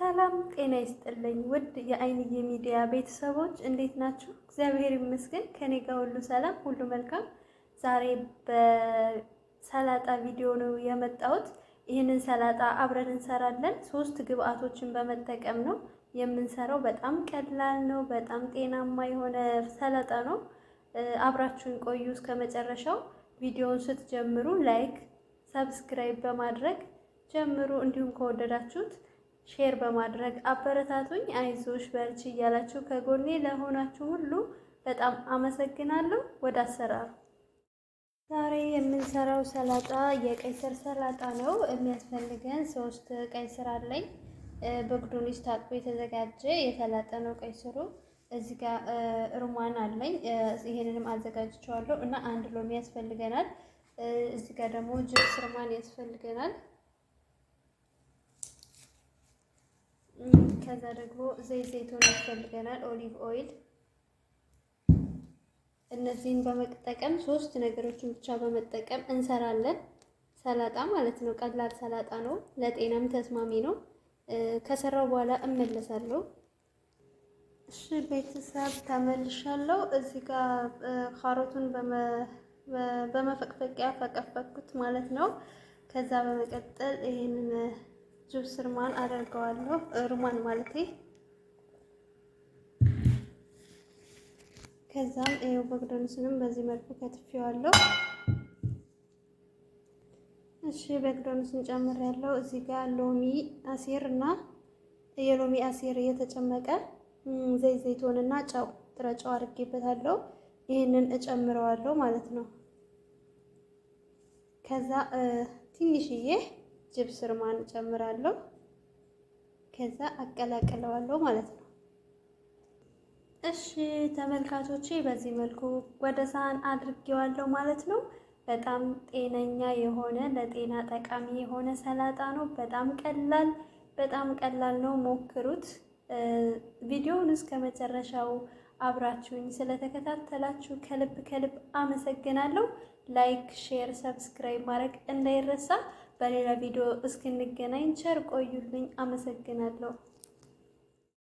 ሰላም ጤና ይስጥልኝ። ውድ የአይንዬ ሚዲያ ቤተሰቦች እንዴት ናችሁ? እግዚአብሔር ይመስገን ከኔ ጋር ሁሉ ሰላም፣ ሁሉ መልካም። ዛሬ በሰላጣ ቪዲዮ ነው የመጣሁት። ይህንን ሰላጣ አብረን እንሰራለን። ሶስት ግብአቶችን በመጠቀም ነው የምንሰራው። በጣም ቀላል ነው። በጣም ጤናማ የሆነ ሰላጣ ነው። አብራችሁን ቆዩ እስከ መጨረሻው። ቪዲዮውን ስትጀምሩ ላይክ፣ ሰብስክራይብ በማድረግ ጀምሩ። እንዲሁም ከወደዳችሁት ሼር በማድረግ አበረታቱኝ። አይዞሽ በርቺ እያላችሁ ከጎኔ ለሆናችሁ ሁሉ በጣም አመሰግናለሁ። ወደ አሰራሩ ዛሬ የምንሰራው ሰላጣ የቀይስር ሰላጣ ነው። የሚያስፈልገን ሶስት ቀይስር አለኝ። በጉዱንሽ ታጥቦ የተዘጋጀ የተላጠ ነው ቀይስሩ። እዚህ ጋር ሩማን አለኝ። ይሄንንም አዘጋጅቸዋለሁ እና አንድ ሎሚ ያስፈልገናል። እዚህ ጋር ደግሞ ጅብስ ሩማን ያስፈልገናል። ከዛ ደግሞ ዘይት ዘይቱን ያስፈልገናል፣ ኦሊቭ ኦይል። እነዚህን በመጠቀም ሶስት ነገሮችን ብቻ በመጠቀም እንሰራለን ሰላጣ ማለት ነው። ቀላል ሰላጣ ነው፣ ለጤናም ተስማሚ ነው። ከሰራው በኋላ እመለሳለሁ። እሺ ቤተሰብ ተመልሻለሁ። እዚህ ጋር ካሮቱን በመፈቅፈቂያ ፈቀፈኩት ማለት ነው። ከዛ በመቀጠል ይህንን ጁስ ርማን አደርገዋለሁ። ርማን ማለት ከዛም ይኸው በግዶንስንም በዚህ መልኩ ከትፌዋለሁ። እሺ በግዶንስን ያለው እዚህ ጋር ሎሚ አሲር እና የሎሚ አሲር እየተጨመቀ ዘይት ዘይቶን እና ጨው ጥረ አድርጌበታለሁ። ይህንን እጨምረዋለሁ ማለት ነው። ከዛ ትንሽዬ ጅብስ ርማን ጨምራለሁ። ከዛ አቀላቅለዋለሁ ማለት ነው። እሺ ተመልካቾቼ በዚህ መልኩ ወደ ሳህን አድርጌዋለሁ ማለት ነው። በጣም ጤነኛ የሆነ ለጤና ጠቃሚ የሆነ ሰላጣ ነው። በጣም ቀላል በጣም ቀላል ነው። ሞክሩት። ቪዲዮውን እስከ መጨረሻው አብራችሁኝ ስለተከታተላችሁ ከልብ ከልብ አመሰግናለሁ። ላይክ፣ ሼር፣ ሰብስክራይብ ማድረግ እንዳይረሳ። በሌላ ቪዲዮ እስክንገናኝ ቸር ቆዩልኝ። አመሰግናለሁ።